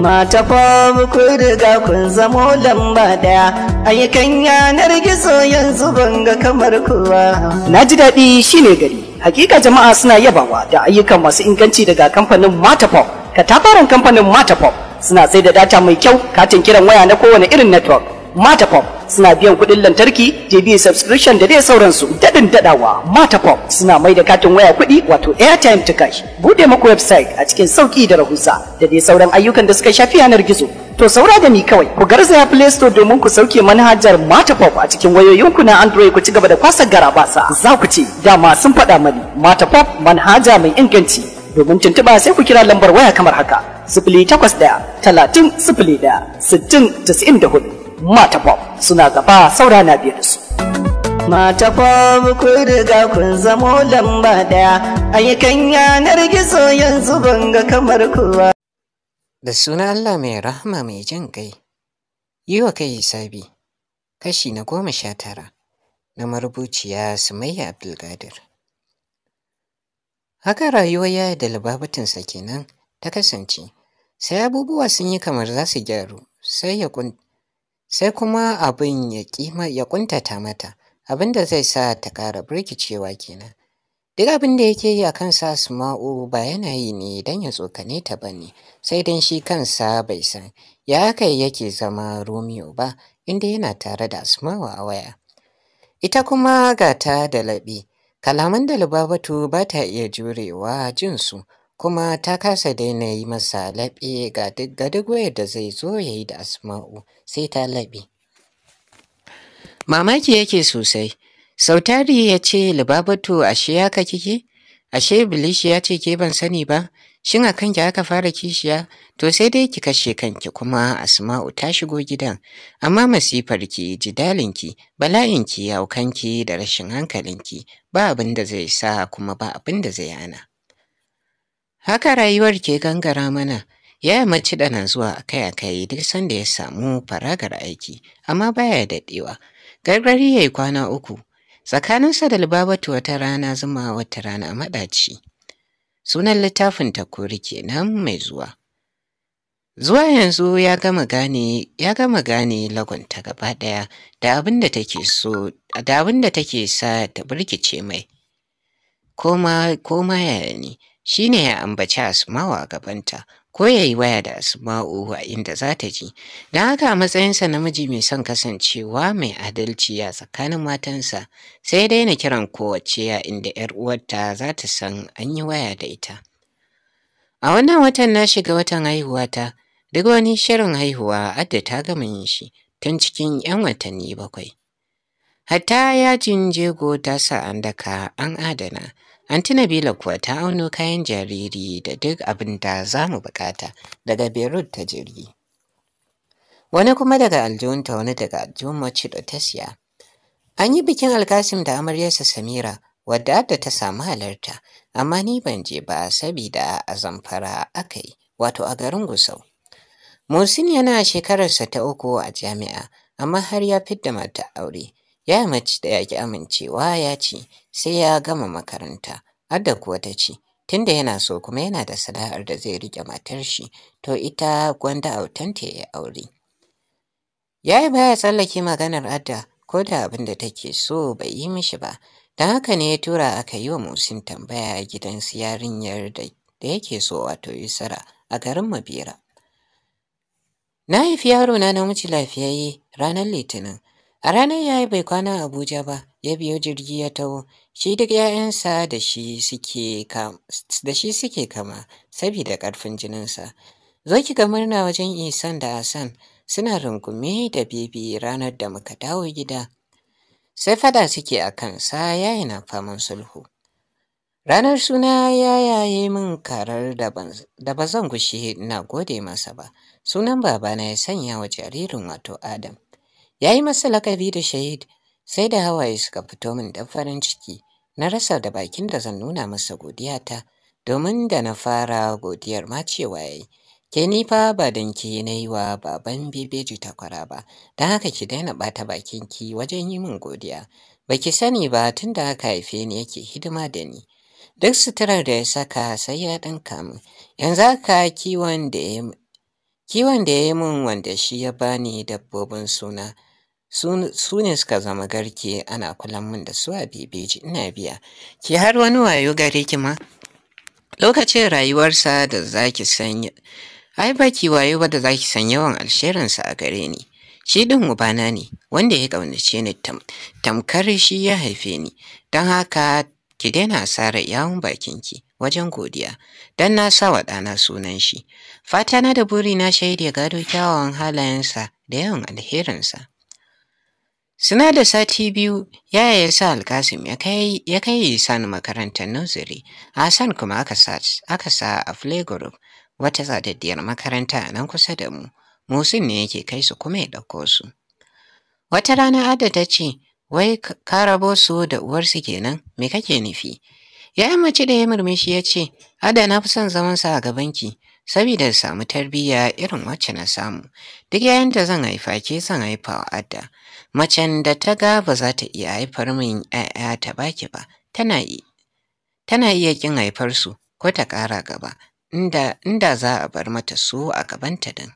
Mata fam kun riga kun zamo lamba daya kan yanar gizo yanzu ban ga kamar kowa. Na ji daɗi shine gari. Hakika jama'a suna yabawa da ayyukan masu inganci daga kamfanin Matapop. Katafaren kamfanin Matapop suna sai da data mai kyau katin kiran waya na kowane irin network. Matapop suna biyan kuɗin lantarki, JB subscription da dai sauransu. Daɗin daɗawa Matapop suna mai da katin waya kuɗi wato airtime to cash. Bude maku website a cikin sauki da rahusa da dai sauran ayyukan da suka shafi yanar gizo. To saura da ni kawai, ku garzaya Play Store domin ku sauke manhajar Matapop a cikin wayoyinku na Android ku ci gaba da kwasa garabasa. Za ku ce, dama sun faɗa mani, Matapop manhaja mai inganci. Domin tuntuɓa sai ku kira lambar waya kamar haka, sifili takwas ɗaya, talatin sifili ɗaya, sittin da hudu. mata pop suna gaba saura na biyar da su mata pop ku riga kun zamo lamba daya ayyukan yanar gizo yanzu ban ga kamar kowa da suna Allah mai rahama mai jan kai yi wa kai sabi kashi na goma sha tara na marubuciya Sumayya abdulgadir Haka rayuwa yaya da libabatinsa kenan ta kasance, sai abubuwa sun yi kamar za su gyaru, sai ya kunta. sai kuma abin ya kima ya kuntata mata abin da zai sa ta ƙara birkicewa kenan duk abin da yake yi a kansa Asma'u ba yana yi ne don ya tsokane ta ba ne sai don shi kansa bai san ya kai yake zama Romeo ba inda yana tare da Asma'u a waya ita kuma Gata da laɓi kalaman da Lubabatu ba ta iya jurewa jinsu kuma ta kasa daina yi masa laɓe ga duk ga duk wayar da zai zo ya yi da asma'u sai ta laɓe mamaki yake sosai sautari ya ce Lubabatu ashe ya ka kike ashe iblis ya ce ke ban sani ba shin a kanki aka fara kishiya to sai dai ki kashe kanki kuma asma'u ta shigo gidan amma masifar ki, masifarki jidalinki bala'inki kanki da rashin hankalinki ba abin da zai sa kuma ba abin da zai hana Haka rayuwar ke gangara mana, ya mace da na zuwa akai-akai duk sanda ya samu faragar aiki, amma baya daɗewa. Gargari ya yi kwana uku, tsakaninsa da Libabatu wata rana zuma wata rana maɗaci. Sunan littafin takuri kenan mai zuwa. Zuwa yanzu ya gama gane ya gama gane lagunta gaba ɗaya da abin da take so da abin da take sa ta birkice mai. Koma koma yaya ne. shi ne ya ambaci Asma'u a gabanta ko ya yi waya da Asma'u a inda za ta ji. Don haka a matsayinsa namiji mai son kasancewa mai adalci a tsakanin matansa sai dai na kiran kowace ya inda 'yar uwarta za ta san an yi waya da ita. A wannan watan na shiga watan haihuwata duk wani shirin haihuwa adda ta gama yin shi tun cikin 'yan watanni bakwai. Hatta yajin jego ta sa an daka an adana. tuna Bila kuwa ta auno kayan jariri da duk abin da za mu bukata daga Beirut ta jirgi. Wani kuma daga aljihunta wani daga aljihun mace da ta siya. An yi bikin Alkasim da amaryarsa Samira wadda da ta samu halarta, amma ni ban je ba sabida a zamfara aka yi, wato a garin Gusau. Musin yana shekararsa ta uku a jami'a, amma har ya fidda mata aure. ya mace da ya ki amincewa ya ce sai ya gama makaranta hadda kuwa ta ce tunda yana so kuma yana da sana'ar da zai rike matar shi to ita gwanda autanta ya aure Ya yi baya tsallake maganar adda ko da abin da take so bai yi mishi ba don haka ne ya tura aka yi wa musin tambaya a su yarinyar da yake so wato yusara a garin mabera na haifi yaro na namiji lafiyayye ranar litinin A ranar ya yi bai kwana Abuja ba, ya biyo jirgi ya taho, shi duk ‘ya'yansa da shi suke kama, saboda ƙarfin jininsa. Zo ki ga murna wajen Isan da asan suna rungume da bibi ranar da muka dawo gida. Sai fada suke a kansa yayi na faman sulhu. Ranar suna ya yaye min karar da ba zan gushe na gode masa ba, sunan babana ya sanya wa jaririn wato Adam. ya yi masa lakabi da shahid sai da hawaye suka fito min dan farin ciki na rasa da bakin da zan nuna masa godiyata domin da na fara godiyar ma cewa yayi ke ni fa ba dan ki na yi wa baban bibeji takwara ba don haka ki daina bata bakin ki wajen yi min godiya baki sani ba tun da aka haife ni yake hidima da ni duk suturar da ya saka sai ya ɗinka kamu. yanzu haka kiwon da ya yi min wanda shi ya bani dabbobin suna su ne suka zama garke ana kulan min da su a bebeji ina biya ki har wani wayo gare ki ma lokacin rayuwarsa da zaki sanya. ai baki wayo ba da zaki san yawan alsherinsa a gare ni shi ɗin ubana ne wanda ya ƙaunace ni tamkar shi ya haife ni don haka ki daina asarar yawon ki. wajen godiya don na sa wa ɗana sunan shi fatana da buri burina shaidi gado kyawawan halayensa da yawan alherinsa Suna da sati biyu yaya ya sa Alkasim ya kai ya Sani makarantar nursery, Hassan kuma aka sa a play wata zadaddiyar makaranta a nan kusa da mu. Musin ne yake kai su kuma ya ɗauko su. Wata rana Ada ta ce, wai ka rabo su da uwarsu kenan, me kake nufi? Yayan mace da ya murmushi ya ce, Ada na fi son zamansa a gabanki, saboda samu tarbiyya irin wacce na samu duk yayin da zan haifa ke zan haifa wa adda macen da ta ga ba za ta iya haifar min 'ya'ya ta baki ba tana iya kin haifar su ko ta ƙara gaba inda za a bar mata su a gabanta din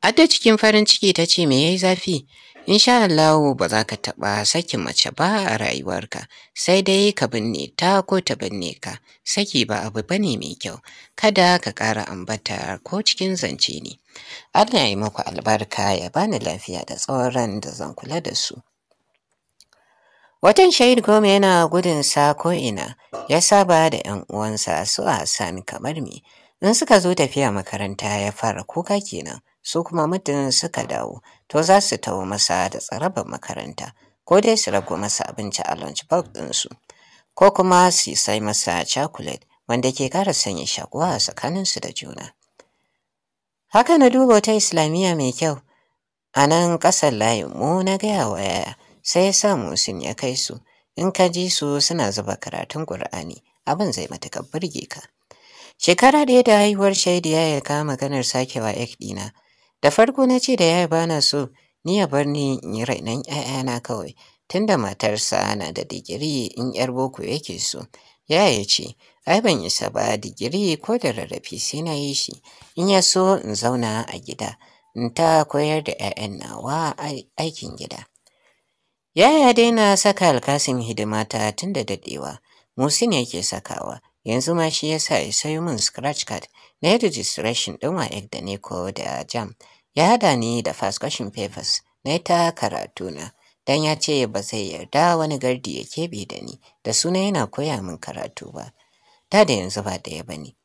adda cikin farin ciki ta ce me yayi zafi Insha Allah ba za ka taɓa sakin mace ba a rayuwarka, sai dai ka binne ta ko ta binne ka, saki ba abu ba ne mai kyau, kada ka ƙara ambata ko cikin zance ne. Allah ya muku albarka ya bani lafiya da tsawon ran da zan kula da su. Watan Shahid Goma yana gudun sa ko'ina, ya saba da ‘yan uwansa su Hassan kamar me, in suka zo tafiya makaranta ya fara kuka kenan, su kuma mutum suka dawo. to za su tawo masa da tsarabar makaranta ko dai su ragu masa abinci a lunch box ɗinsu ko kuma su sai masa chocolate wanda ke ƙara sanya shakuwa a tsakaninsu da juna. Haka na duba wata Islamiyya mai kyau a nan ƙasar layinmu na gaya wa yaya sai ya sa musin ya kai su in ka ji su suna zuba karatun Ƙur'ani abin zai matuƙar burge ka. Shekara ɗaya da haihuwar shaidiya ya kama maganar sakewa ek ɗina Da farko na ce da yaya bana so ni ya bar ni in yi rainon ‘ya'yana kawai tunda matarsa na da digiri in ‘yar boko yake so. Yaya ce, ai ban isa ba digiri ko da rarrafi sai na yi shi, in ya so in zauna a gida, in ta koyar da ‘ya'yan nawa aikin gida. Yaya daina saka alkasin hidimata tun da daɗewa, Musin yake sakawa, yanzu ma shi yasa ya sayo min scratch card na registration ɗin WAEC da ko da Jam. ya hada ni da fast papers na ta karatuna don ya ce ba zai yarda wani gardi ya keɓe da ni da suna yana koya min karatu ba da da yanzu ba ɗaya ba ne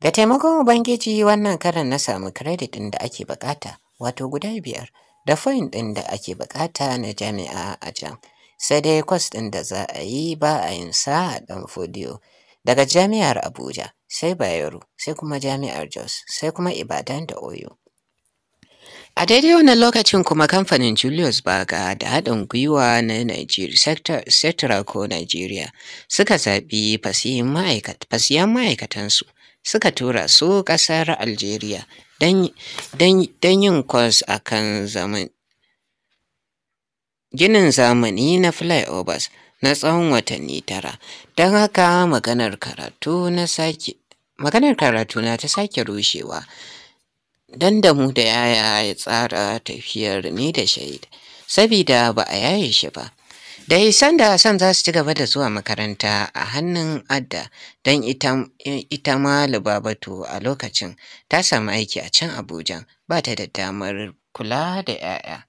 da taimakon ubangiji wannan karan na samu credit ɗin da ake bukata wato guda biyar da foin ɗin da ake bukata na jami'a a can sai dai kwas ɗin da za a yi ba a yin sa a ɗan fodiyo daga jami'ar abuja sai bayero sai kuma jami'ar jos sai kuma ibadan da oyo A daidai wannan lokacin kuma kamfanin Julius Baga da haɗin gwiwa na Nigeria ko Nigeria suka zaɓi fasiyan ma'aikatansu suka tura su ƙasar Algeria don yin kwas a kan ginin zamani na flyovers na tsawon watanni tara don haka maganar karatu na ta sake rushewa. Dan da mu da yaya ya tsara tafiyar ni da shaida, sabida ba a yaye shi ba. Da isan da san za su ci gaba da zuwa makaranta a hannun Adda don ita ma Lubabatu a lokacin ta samu aiki a can Abuja ba ta da damar kula da 'ya'ya.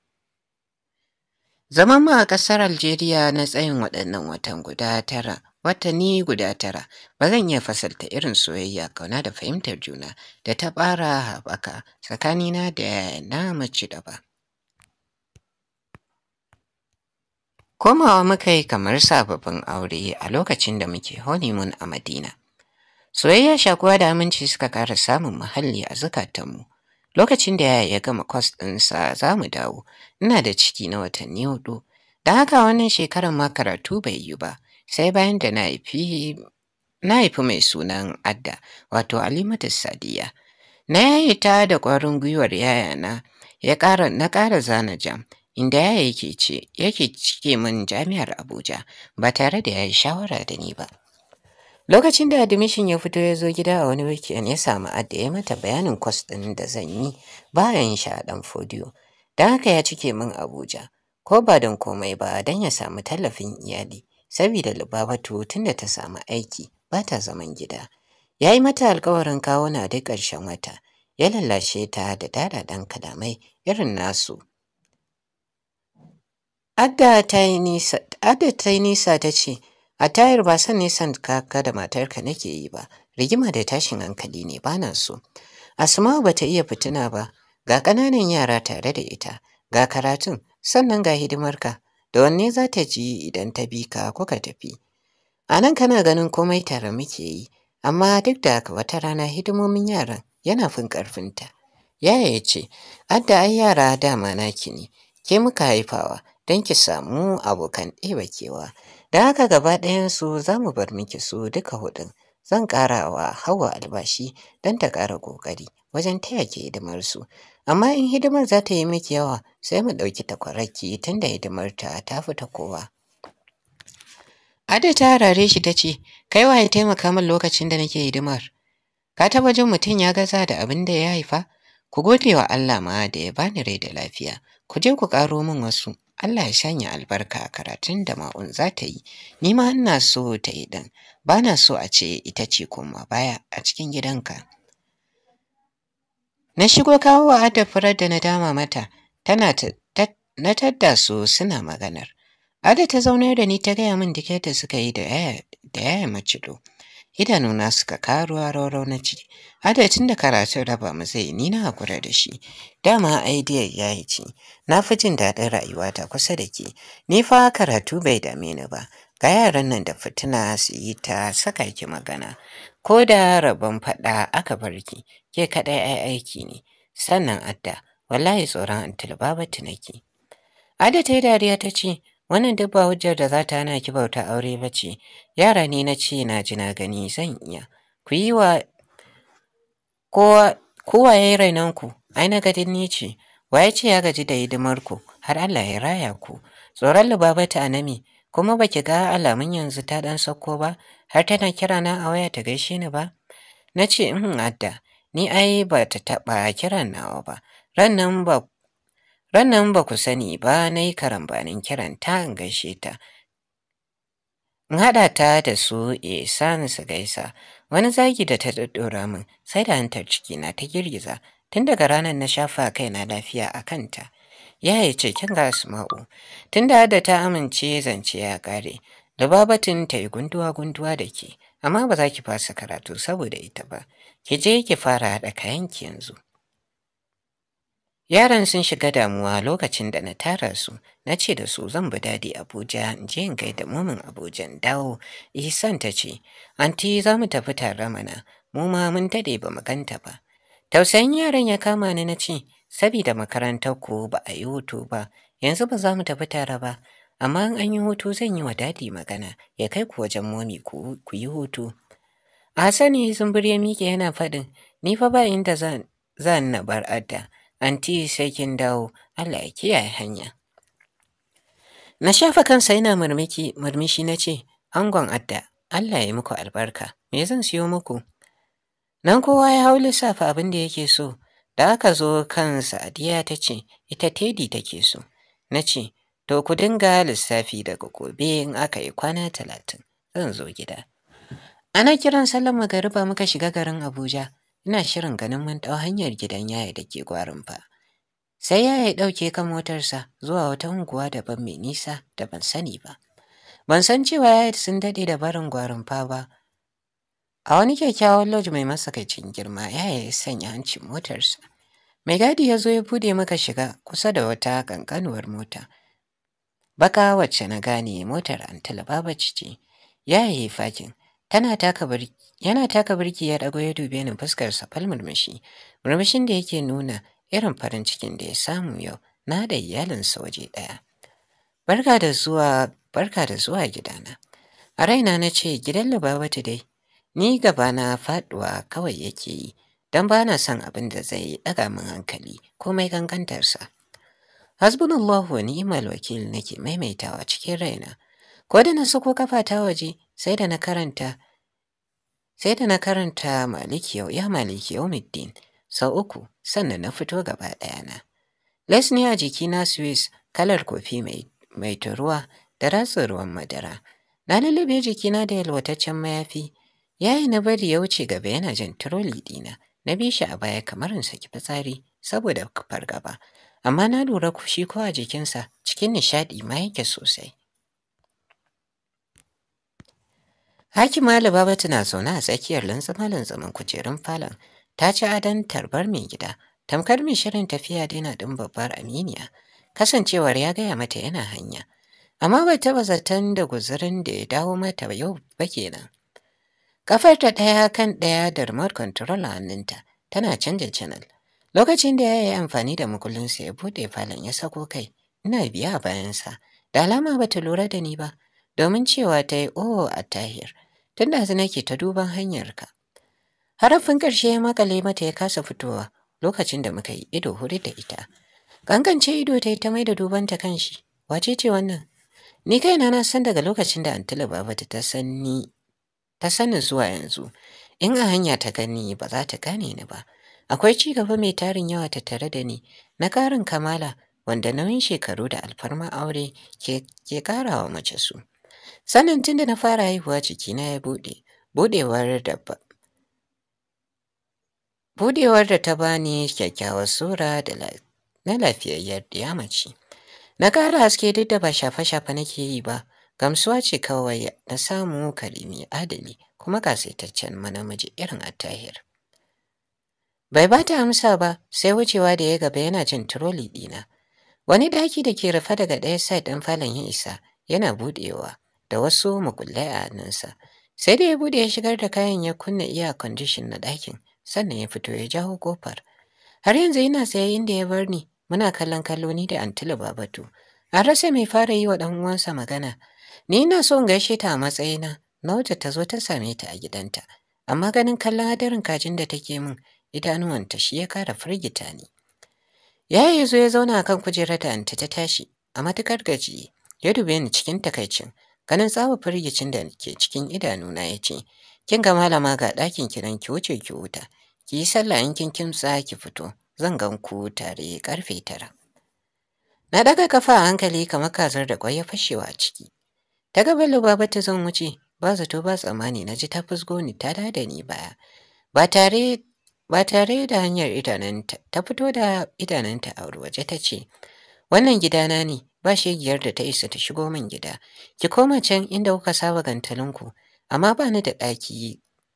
Zaman ma a ƙasar Algeria na tsayin waɗannan watan guda tara watanni guda tara ba zan iya fasalta irin soyayya kauna da fahimtar juna da ta ɓara haɓaka tsakanina da na mace da ba. Komawa muka yi kamar sababbin aure a lokacin da muke honeymoon a Madina. Soyayya shakuwa da aminci suka ƙara samun muhalli a zukatanmu. Lokacin da yaya ya gama kwas ɗinsa za mu dawo, ina da ciki na watanni hudu. Da haka wannan shekarar ma karatu bai yi ba, sai bayan da na haifi na haifi mai sunan adda wato alimatu sadiya na yayi ta da ƙwarin gwiwar yayana ya ƙara na ƙara zana jam inda yaya yake ce yake cike min jami'ar abuja ba tare da ya yi shawara da ni ba lokacin da admission ya fito ya zo gida a wani wikin ya samu adda ya mata bayanin kwas ɗin da zan yi bayan sha ɗan fodiyo don haka ya cike min abuja ko ba don komai ba don ya samu tallafin iyali Sabida Lubabatu tunda ta samu aiki ba ta zaman gida. Ya yi mata alkawarin kawo na duk ƙarshen wata, ya lallashe ta da daɗaɗɗen kalamai irin nasu. Adda ta yi nisa ta ce, A tayar ba san nisan kaka da matarka nake yi ba, rigima da tashin hankali ne ba na so. Asma'u ba ta iya fituna ba, ga ƙananan yara tare da ita, ga karatun, sannan ga hidimarka, da wanne za ta ji idan ta bi ka kuka tafi. A nan kana ganin komai tare muke yi, amma duk da haka wata rana hidimomin yaran yana fin ƙarfinta. Yaya ya ce, Adda ai yara dama naki ne, ke muka haifawa don ki samu abokan ɗebakewa. Da haka gaba ɗayansu za mu bar miki su duka hudun. zan ƙara wa Hauwa albashi don ta ƙara ƙoƙari wajen taya ke hidimarsu. Amma in hidimar za ta yi miki yawa sai mu ɗauki takwararki tunda hidimar ta ta fita kowa. Ada ta rare shi ta ce, kai wa ya taimaka min lokacin da nake hidimar. Ka taɓa jin mutum ya gaza da abin da ya haifa? Ku gode wa Allah ma da ya bani rai da lafiya. Ku je ku ƙaro min wasu. Allah ya shanya albarka karatun da ma'un za ta yi, ni ma ina so ta yi ɗan, ba na so a ce ita ce kuma baya a cikin gidanka. Na shigo kawo wa Adda furar da na dama mata, tana na tadda su suna maganar. Ada ta zaunar da ni ta gaya min dike da suka yi da yaya macilo. Idanuna suka karuwa rauro na ci. Ada tun da karatun raba mu zai ni na hakura da shi. Dama aidiyar ya yi ci. Na fi jin daɗin rayuwa ta kusa da ke. Ni fa karatu bai dame ni ba. ga yaran nan da fitina su yi ta saka ki magana ko da rabon faɗa aka barki ke kaɗai ai aiki ne sannan adda wallahi tsoron antil baba tunaki adda ta yi dariya ta ce wannan duk ba da za ta hana ki bauta aure ba ce yara ne na ce na ji na gani zan iya ku yi wa kowa kowa ya yi ku? ai na gadin ni ce waye ce ya gaji da hidimar ku? har Allah ya raya ku tsoron lubabata anami kuma ba ki ga alamun yanzu ta ɗan sauko ba har tana kira na a waya ta gaishe ni ba na ce in uhm, adda ni ai ba ta taɓa kiran nawa ba rannan ba ba ku sani ba na yi karambanin kiran ta in gaishe ta in haɗa ta da su ihsan eh, su gaisa wani zagi da ta ɗaɗɗora min sai da hantar ciki na ta girgiza tun daga ranar na shafa kai na lafiya a kanta ya yi cikin ga Asma'u. Tunda da ta amince zance ya ƙare, Lubabatin ta yi gunduwa-gunduwa da ke, amma ba za ki fasa karatu saboda ita ba, ki je ki fara haɗa kayanki yanzu. Yaran sun shiga damuwa lokacin da na tara su, na ce da su zan bi dadi Abuja in je in gaida momin Abuja in dawo. Isan ta ce, "Anti za mu tafi tare mana, mu ma mun dade ba mu ganta ba." Tausayin yaran ya kama ni na ce, Sabida makarantar ku ba a yi hutu ba, yanzu ba za mu tafi tare ba, amma in an yi hutu zan yi wa dadi magana, ya kai ku wajen momi ku yi hutu. A sani zumbir ya miƙe yana faɗin, ni fa ba inda zan na bar adda, anti sai kin dawo, Allah ya kiyaye hanya. Na shafa kansa yana murmushi na ce, Angon adda, Allah ya muku albarka, me zan siyo muku? Nan kowa ya hau lissafa abin da yake so, Da aka zo kan Sa'adiya ta ce, ita Teddy take so. Na ce, to ku dinga lissafi daga gobe in aka yi kwana talatin, zan zo gida. Ana kiran salon magariba muka shiga garin Abuja, ina shirin ganin mun ɗau hanyar gidan yaya da ke gwarin fa. Sai yaya ɗauke kan motarsa zuwa wata unguwa daban mai nisa da ban sani ba. Ban san cewa yaya sun daɗe da barin gwarin fa ba, A wani kyakkyawan lodge mai masakacin girma yaya ya sanya hancin motarsa. Mai gadi ya zo ya bude maka shiga kusa da wata ƙanƙanuwar mota. Baka wacce na gane motar Antala Baba ce. Ya yi fakin. Tana taka birki. Yana taka birki ya dago ya dube ni fuskar sa fal murmushi. Murmushin da yake nuna irin farin cikin da ya samu yau na da sa waje daya. Barka da zuwa, barka da zuwa gidana. A raina na ce gidan Lubabatu dai, ni gaba na faduwa kawai yake yi. don ba na son abin da zai yi ɗaga min hankali komai gangantarsa. Hasbunallahu wa ni'mal wakil nake maimaitawa cikin raina. Ko da na sako kafa ta waje sai da na karanta da na karanta maliki yau ya maliki yau middin sau uku sannan na fito gaba ɗaya na. Les ne a jikina Swiss kalar kofi mai taruwa, turuwa da ratsin ruwan madara. Na lalube jikina da yalwataccen mayafi, yayi na bari ya wuce gaba yana jin turoli dina na bi shi a baya kamar in saki fitsari saboda fargaba amma na lura kushi ko a jikinsa cikin nishaɗi ma yake sosai Hakima Alibaba tana zaune a tsakiyar lantsama-lantsaman kujerun falon ta ci adon tarbar mai gida tamkar mai shirin tafiya daina ɗin babbar aminiya kasancewar ya gaya mata yana hanya amma bai taɓa zaton da guzurin da ya dawo mata yau ba kenan kafar ta ɗaya kan ɗaya da remote control a hannunta tana canja channel. Lokacin da ya yi amfani da mukullinsa ya buɗe falon ya sako kai, ina biya a bayansa. Da alama ba ta lura da ni ba, domin cewa ta yi oh a tahir, tun da nake ta duban hanyarka. Harafin ƙarshe ya makale mata ya kasa fitowa lokacin da muka yi ido huri da ita. Kankance ido ta yi ta mai da dubanta kan shi, wace ce wannan? Ni kaina na san daga lokacin da Antila Baba ta san ni ta sanin zuwa yanzu in a hanya ta gani ba za ta gane ni ba akwai ci gaba mai tarin yawa ta tare da ni na karin kamala wanda nauyin shekaru da alfarma aure ke, ke karawa mace su sanin da na fara haihuwa na ya buɗe buɗewar da budewar da ta bani kyakkyawar sura da na lafiyayyar ya mace. na ƙara haske duk da ba shafe-shafe nake yi ba Gamsuwa ce kawai na samu kalimi adali kuma kasaitaccen namiji irin attahir. Bai ba ta amsa ba sai wucewa da ya gaba yana jin turoli dina. Wani daki da ke rufe daga ɗaya side ɗin falon ya isa yana buɗewa da wasu mukullai a hannunsa. Sai da ya buɗe ya shigar da kayan ya kunna iya kwandishin na ɗakin sannan ya fito ya jawo kofar. Har yanzu yana tsaye inda ya bar ni muna kallon kallo ni da Antila Babatu. An rasa mai fara yi wa ɗan uwansa magana. Ni na son gaishe ta a matsayina na wacce ta zo ta same ta a gidanta, amma ganin kallon hadarin kajin da take min ta shi ya kara firgita ni. Yayi zo ya zauna a kan kujerar da anta ta tashi a matukar gajiye ya dube ni cikin takaicin ganin tsawa firgicin da ke cikin idanuna ya ce kin ga malama ga ɗakin kiran ki wuce ki wuta ki yi sallah in kin kimtsa ki fito zan gan ku tare karfe tara. Na ɗaga kafa a hankali kamar kazar da kwai ya fashewa a ciki. ta ga bello baba ta zan wuce ba zato ba tsammani na ji ta fusgo ni ta da ni baya ba tare da hanyar idananta ta fito da idananta a waje ta ce wannan gidana ne ba shegiyar da ta isa ta shigo min gida ki koma can inda kuka saba gantalinku amma ba ni da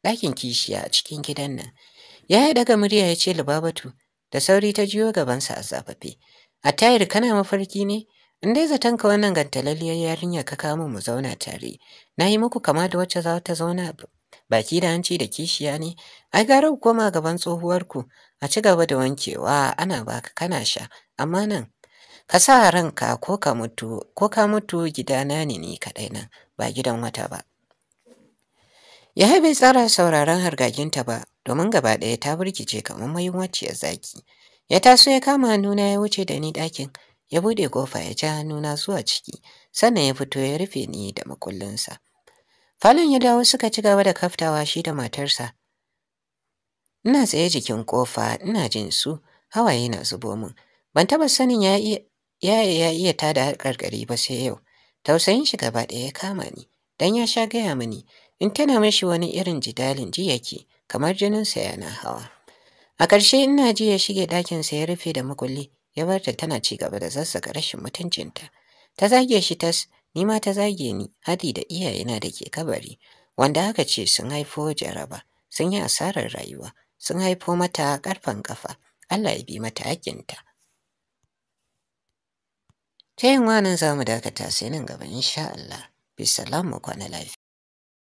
ɗakin kishiya a cikin gidan nan ya yi daga murya ya ce Lubabatu, da sauri ta jiyo gabansa a zafafe a tayar kana mafarki ne In dai zaton ka wannan gantalalliyar yarinyar ka kamo mu zauna tare, na yi muku kama da wacce za ta zauna baki da hanci da kishiya ne, ai gara ku koma gaban tsohuwarku a ci gaba da wankewa ana baka kana sha, amma nan ka sa ranka ko ka mutu ko ka mutu gidana ne ni kaɗai nan ba gidan wata ba. Ya bai tsara sauraron hargaginta ba domin gaba ɗaya ta burkice kamar ya zaki. Ya taso ya kama nuna ya wuce da ni ɗakin. ya buɗe kofa ya ja nuna zuwa ciki sannan ya fito ya rufe ni da makullinsa falon ya dawo suka ci gaba da kaftawa shi da matarsa ina tsaye jikin kofa ina jin su hawaye na zubo min ban taba sanin ya iya ya iya ta da karkari ba sai yau tausayin shi gaba ɗaya ya kama ni dan ya sha gaya mini in tana mashi wani irin jidalin ji yake kamar jininsa yana hawa a ƙarshe ina ji ya shige ɗakinsa ya rufe da makulli ya bar ta tana ci gaba da zazzaga rashin mutuncinta ta zage shi tas ni ma ta zage ni hadi da iyayena da ke kabari wanda aka ce sun haifo jaraba sun yi asarar rayuwa sun haifo mata karfan kafa Allah ya bi mata hakinta ta yin wanan za mu dakata sai nan gaba insha Allah bisalamu kwana lafiya